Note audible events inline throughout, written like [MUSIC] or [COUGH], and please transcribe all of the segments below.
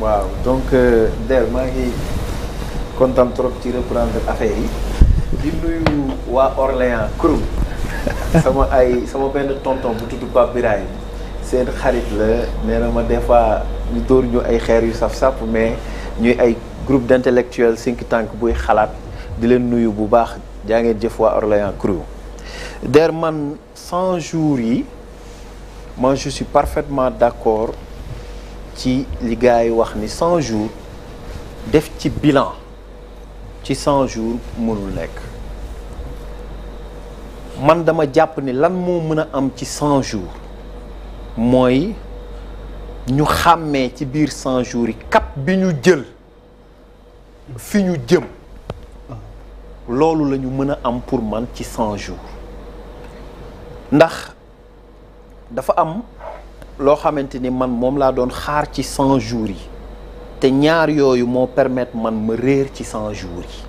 waaw donc euh, Der maa ngi kontaan trop ci reprendre affaire yi. di nuyu waa Orléans Kurum. [LAUGHS] sama ay sama benn tonton bu tudd Pape Birahim seen xarit la nee na ma des fois ñu dóor ñu ay xeer yu saf sàpp mais ñuy ay groupe d'intellectuels think tank buy xalaat di leen nuyu bu baax jaa ngeen jëf waa Orléans Crew Der man 100 jours yi ma je suis parfaitement d'accord ci li wax ni 100 jours def ci bilan ci 100 jours mënul nekk man dama jàpp ni lan moo mën a am ci 100 jours mooy ñu xàmmee ci biir 100 jours yi bi ñu jël fi ñu jëm loolu lañu mën a am pour man ci 100 jours ndax dafa am. loo xamante ni man moom laa doon xaar ci 100 jours yi te ñaar yooyu moo permettre man ma réer ci 100 jours yi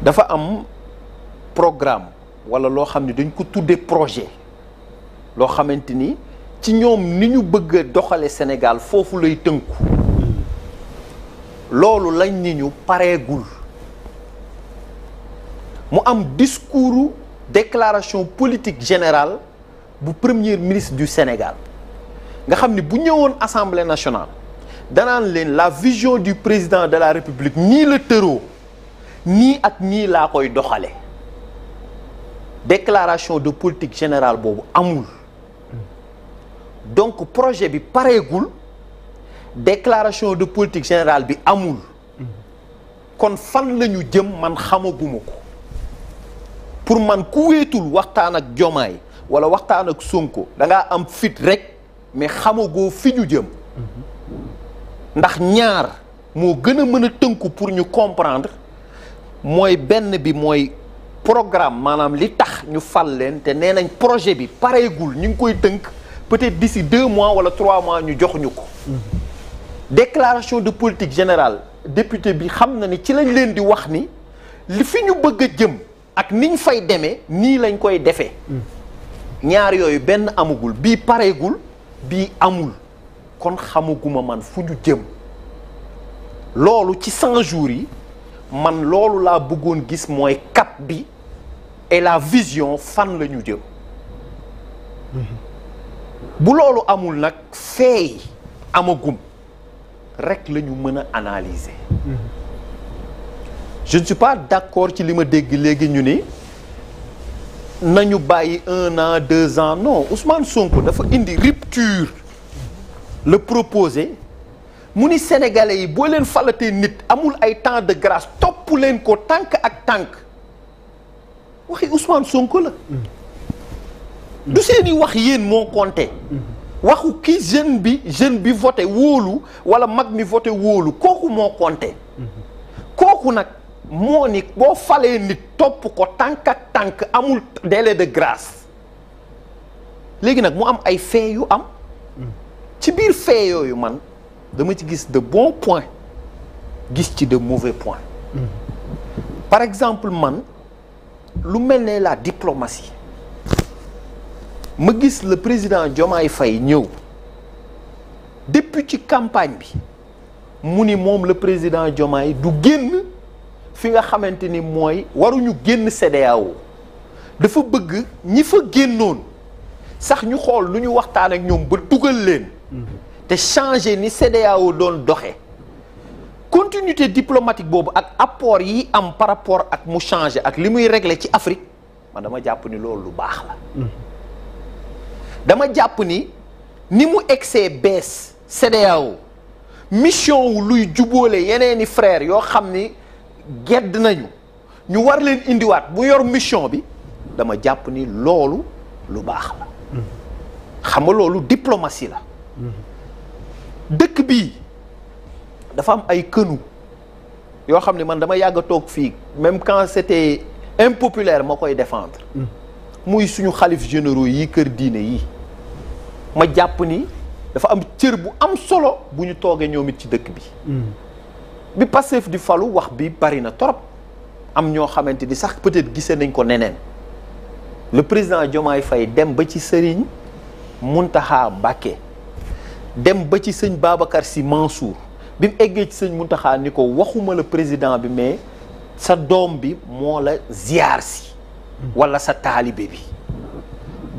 dafa am programme wala loo xam ne dañ ko tuddee projet loo xamante ni ci ñoom ni ñu bëgg a doxale Sénégal foofu lay tënku loolu lañ ni ñu pareegul mu am discours déclaration politique générale bu premier ministre du Sénégal nga xam ni bu ñëwoon assemblée nationale danaan leen la vision du président de la république nii la tëroo nii ak nii laa koy doxale déclaration de politique générale boobu amul donc projet bi pareegul déclaration de politique générale bi amul kon fan la ñu jëm man xamaguma ko pour man ku wéetul waxtaan ak Diomaye wala waxtaan ak Sonko da ngaa am fit rek mais xamagoo fi ñu jëm ndax ñaar moo gën a mën a tënku pour ñu comprendre mooy benn bi mooy programme maanaam li tax ñu fal leen te nee nañ projet bi pareegul ñu ngi koy tënk peut-être d'ici deux mois wala trois mois ñu jox ñu ko déclaration de politique générale député bi xam na ni ci lañ leen di wax ni li fi ñu bëgg a jëm ak niñ fay demee nii lañ koy defee ñaar yooyu benn amagul bii pareegul bii amul kon xamaguma man fu ñu jëm loolu ci 100 jours yi man loolu laa bëggoon gis mooy cap bi et la vision fan la ñu jëm bu loolu amul nag feey amagum rek la ñu mën a analyser mm-hmm. je ne suis pas d'accord ci li ma dégg léegi ñu ni nañu bàyyi un an deux ans non Ousmane Sonko dafa indi rupture le proposer mu ni sénégalais yi boo leen falatee nit amul ay temps de grâce topp leen ko tànk ak tànk waxi Ousmane Sonko la. Mm. du seeni wax yéen moo compté. Mm. waxu ki jeune bi jeune bi voté wóolu wala mag mi voté wóolu kooku moo compté. Mm. kooku nag. moo ni boo falee nit topp ko tànk tànk amul délai de grâce léegi nag mu am ay fee yu am ci biir fee yooyu man dama ci gis de bons points gis ci de mauvais point par exemple man lu mel ne la diplomatie ma gis la président Diomaye fay ñëw depuis ci campagne bi mu ni moom la président Diomaye du génn fi nga xamante ni mooy waruñu génn CEDEAO dafa bëgg ñi fa génnoon sax ñu xool lu ñu waxtaan ak ñoom ba dugal leen te changer ni CEDEAO doon doxe continuité diplomatique boobu ak apport yi am par rapport ak mu changer ak li muy régle ci Afrique man dama jàpp ni loolu lu baax la dama jàpp ni ni mu egsee bees CEDEAO mission wu luy jubóole yeneeni frair yoo xam ni gedd nañu ñu war leen indiwaat bu yor mission bi dama jàpp ni loolu lu baax la xam nga loolu diplomatie la dëkk bii dafa am ay kënu yoo xam ne man dama yàgg a toog fii même quand c'était impopulaire ma koy défendre muy suñu xalif généraux yi kër diine yi ma jàpp ni dafa am cër bu am solo bu ñu toogee ñoom ci dëkk bi bi Pastef di falu wax bi bari na torop am ñoo xamante ni sax peut-être gisee nañ ko neneen le président Diomaye fay dem ba ci sëriñ Mountakha Mbacké dem ba ci sëñ Babacar Sy Mansour bi mu eggee ci sëñ Mountakha ni ko waxuma la président bi mais sa doom bi moo la ziyaar si walla sa taalibe bi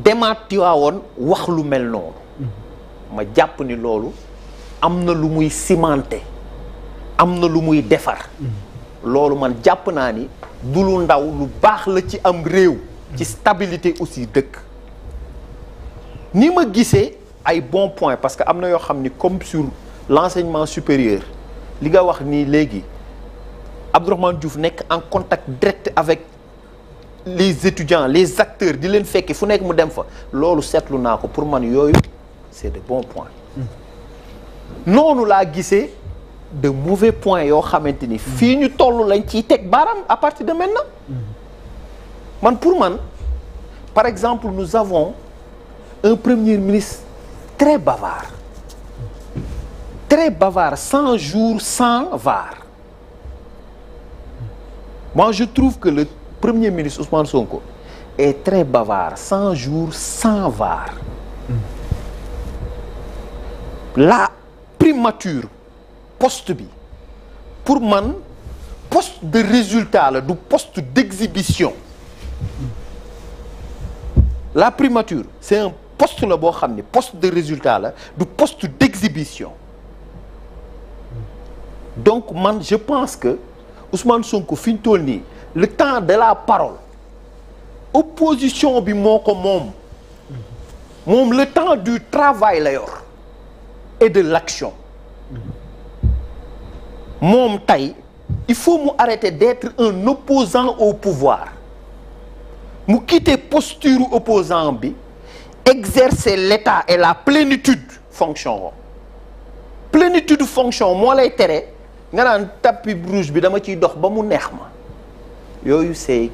demaat Tiwaawoon wax lu mel noonu mm-hmm. ma jàpp ni loolu am na lu muy cimenté am na lu muy defar mm-hmm. loolu man jàpp naa ni du lu ndaw lu baax la ci am réew mm-hmm. ci stabilité aussi dëkk ni ma gisee ay bon point parce que am na yoo xam ni comme sur l'enseignement supérieur li nga wax nii léegi Abdourahmane Diouf nekk en contact direct avec les étudiants les acteurs di leen fekki fu nekk mu dem fa loolu seetlu naa ko pour man yooyu c'est de bons points mm-hmm. noonu laa gisee de mauvais point yoo xamante ni fii ñu toll lañ ciy teg baaraam à partir de maintenant man pour man par exemple nous avons un premier ministre très bavard très bavard cent jours sans var moi je trouve que le premier ministre son ko est très bavard cent jours sans var la primature poste bi pour man poste de résultat la du poste d'exhibition la primature c'est un poste la boo xam ne post de résultat la du poste d'exhibition donc man je pense que Ousmane Sonko fi ñu nii le temps de la parole opposition bi moo ko moom le temps du travail la yor et de l'action moom tey il faut mu arrêter d'être un opposant au pouvoir mu quitter posture opposant bi exercer l'état et la plénitude fonction plénitude fonction moo lay tere nga naan tapis rouge bi dama ciy dox ba mu neex ma yooyu c'est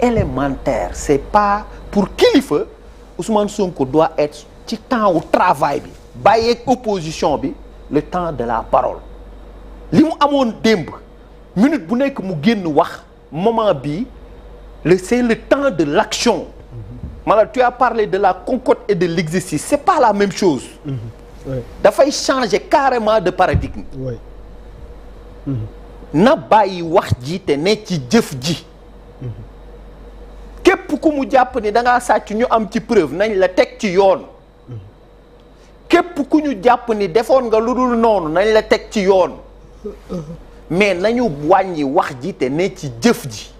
élémentaire c'est pas pour kilifa Ousmane Sonko doit être ci temps wu travail bi bàyyeeg opposition bi le temps de la parole li mu amoon démb minute bu nekk mu génn wax moment bi le c'est le temps de l'action mm-hmm. maanaam tu as parlé de la concorde et de l'exercice c'est pas la même chose mm-hmm. dafay changer carrément de paradigme mm-hmm. na bàyyi wax ji te ne ci jëf ji képp ku mu jàpp ni da ngaa sàcc ñu am ci preuve nañ la teg ci yoon képp ku ñu jàpp ni defoon nga lu dul noonu nañ la teg ci yoon mais nañu wàññi wax ji te ne ci jëf ji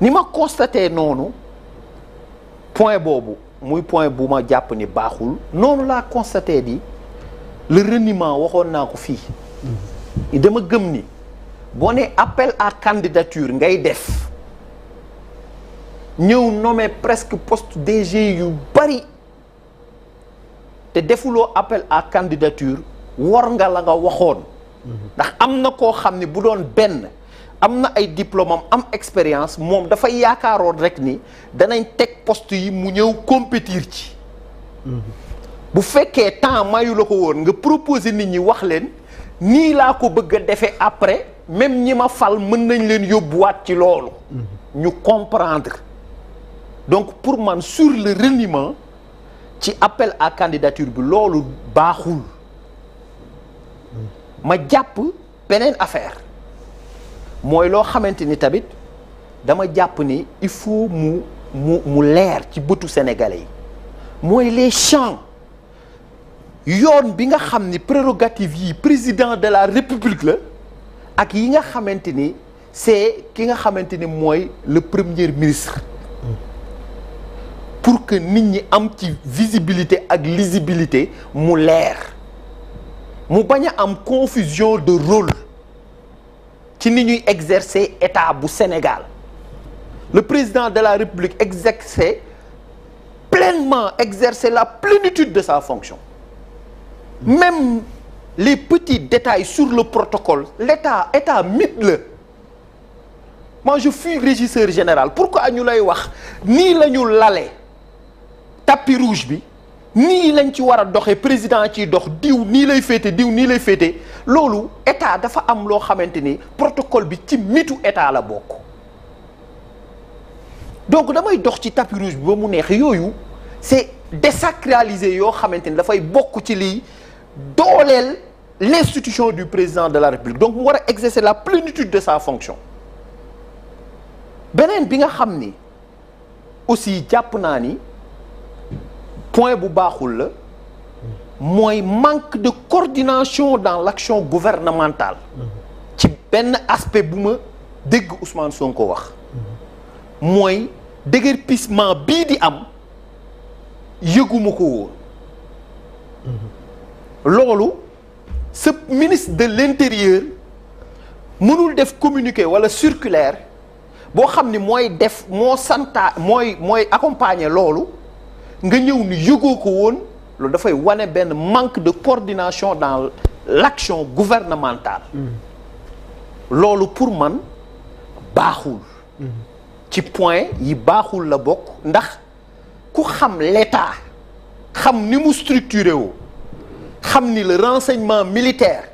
ni ma constaté noonu point boobu muy point bu ma jàpp ni baaxul noonu laa constaté di le reniement waxoon naa ko fii dama gëm ni boo ne appel à candidature ngay def ñëw nommé presque poste DG yu bari te defuloo appel à candidature wor nga la nga waxoon ndax am na koo xam ne bu doon benn am na ay diplomam am expérience moom dafay yaakaaroon rek ni danañ teg poste yi mu ñëw compétir ci bu fekkee temps mayu la ko woon nga proposer nit ñi wax leen nii laa ko bëgg a defee après même ñi ma fal mën nañ leen yóbbuwaat ci loolu ñu comprendre donc pour man sur le reniement ci appel à candidature bi loolu baaxul ma jàpp peneen affaire mooy loo xamante ni tamit dama jàpp ni il faut mu mu mu leer ci bëtu sénégalais yi mooy les champs yoon bi nga xam ni prérogative yi président de la république la ak yi nga xamante ni c'est ki nga xamante ni mooy le premier ministre pour que nit ñi am ci visibilité ak lisibilité mu leer mu bañ a am confusion de rôle ci ni ñuy exercer état bu Sénégal le président de la République exercer pleinement exercer la plénitude de sa fonction même les petits détails sur le protocole l'état état mythe la moi je suis régisseur général pourquoi ñu lay wax nii la ñu lale tapis rouge bi nii lañ ci war a doxee président ciy dox diw nii lay féete diw nii lay féete loolu état dafa am loo xamante ni protocole bi ci mitu état la bokk donc damay dox ci tapis bi ba mu neex yooyu c'est désacraliser yoo xamante ni dafay bokk ci lii dooleel l'institution du président de la République donc mu war a la plénitude de sa fonction beneen bi nga xam ni aussi jàpp naa ni point bu baaxul la mooy manque de coordination dans l'action gouvernementale ci benn aspect bu ma dégg Ousmane ko wax mooy déguerpissement bii di am yëguma ko woon loolu ce ministre de l'intérieur mënul def communiqué wala circulaire boo xam ni mooy def moo santa mooy mooy accompagner loolu nga ñëw ni yëgoo ko woon loolu dafay wane benn manque de coordination dans l'action gouvernementale loolu pour man baaxul ci point yi baaxul la bokk ndax ku xam l'état xam ni mu structuré xam ni le renseignement militaire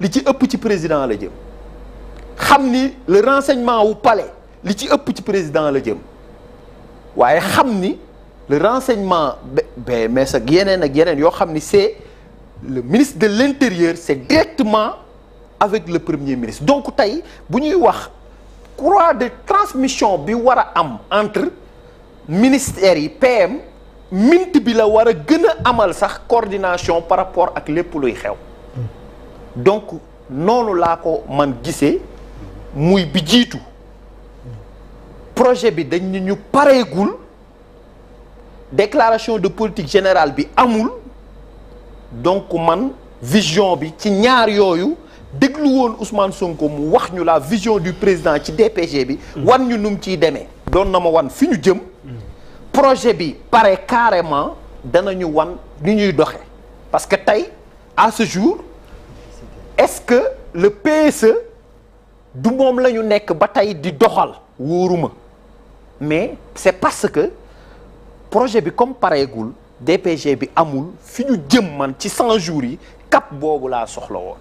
li ci ëpp ci président la jëm xam ni le renseignement wu palais li ci ëpp ci président la jëm waaye xam ni le renseignement BMS ak yeneen ak yeneen yoo xam ni c'est le ministre de l'intérieur c'est directement avec le premier ministre donc tey bu ñuy wax croix de transmission bi war a am entre ministères yi PM mint bi la war a gën a amal sax coordination par rapport ak lépp luy xew donc noonu laa ko man gisee muy bi jiitu projet bi dañ pareegul déclaration de politique générale bi amul donc man vision bi ci ñaar yooyu dégluwoon woon Ousmane Sonko mu wax ñu la vision du président ci DPG bi. Mm. wan ñu num ciy demee. doon na ma wan fi ñu jëm. Mm. projet bi pare carrément danañu wan ni ñuy doxe parce que tey à ce jour est-ce que le PSE du moom la ñu nekk ba tey di doxal wóoruma mais c'est parce que. projet bi comme pareegul DPG bi amul fi ñu jëm man ci 100 jours yi cap boobu laa soxla woon.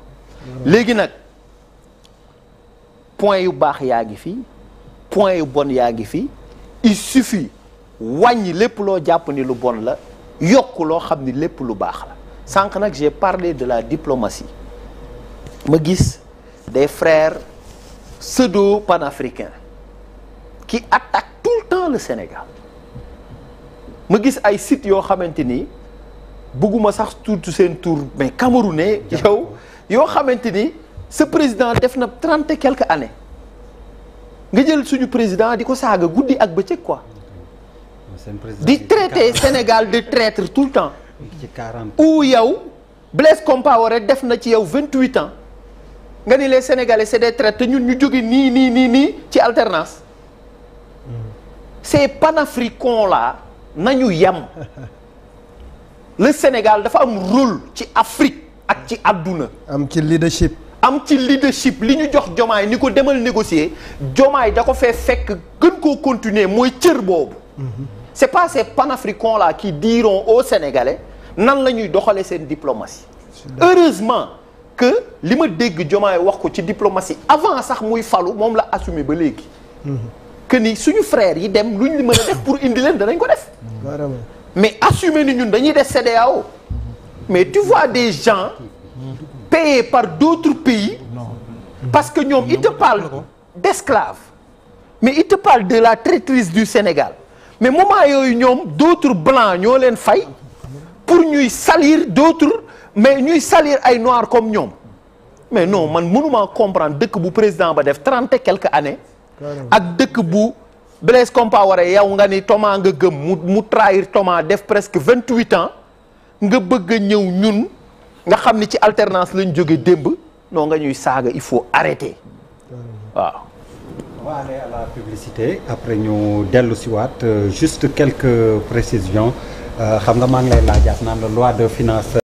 léegi nag point yu baax yaa ngi fi point yu bon yaa ngi fi il suffit wàññi lépp loo jàpp ni lu bon la yokk loo xam ni lépp lu baax la sànq nag j'ai parlé de la diplomatie ma gis des frères pseudo panafricains qui attaquent tout le temps le Sénégal. ma gis ay sites yoo xamante ni bëgguma sax tuuti seen tour mais camerounais eh, yow yoo xamante ni sa président def na trente et quelques nga jël suñu président di ko saaga guddi ak bëccëg quoi di traiter Sénégal de traître tout le temps ou yow Blaise Compaoré def na ci yow vingt huit ans nga ni lee Sénégalais c'est des traîtres te ñu ñu jóge nii nii nii nii ci alternance hmm. ces panafricains la nañu yem le Sénégal dafa am rôle ci Afrique ak ci àdduna am ci leadership am ci leadership li ñu jox jomaay ni ko demal négocier jomaay da ko fee fekk gën koo continuer mooy cër boobu c'est pas ces panafricains là qui diront aux Sénégalais nan la ñuy doxalee seen diplomatie heureusement que li ma dégg jomaay wax ko ci diplomasi avant sax muy falu moom la assumer ba léegi mhm. que ni suñu frère yi dem luñ li mën a def pour indi leen danañ ko def. mais assumer ni ñun dañuy def CEDEAO mais tu vois des gens payés par d'autres pays parce que ñoom ils te parlent d'esclaves mais ils te parlent de la traîtrise du Sénégal mais moment yooyu ñoom d'autres blancs ñoo leen fay pour ñuy salir d'autres mais ñuy salir ay noirs comme ñoom mais non man mënuma comprendre dëkk bu président ba def trente quelques années ak dëkk bu Blaise Compaoré yow nga ni Thomas nga gëm mu mu trahir Thomas def presque vingt huit ans nga bëgg ñëw ñun nga xam ni ci alternance lañ jóge démb non nga ñuy saaga il faut arrêter waaw. on après ñu dellu si waat euh, juste quelque précisions euh, xam nga maa ngi lay laajaat naan la loi de finance.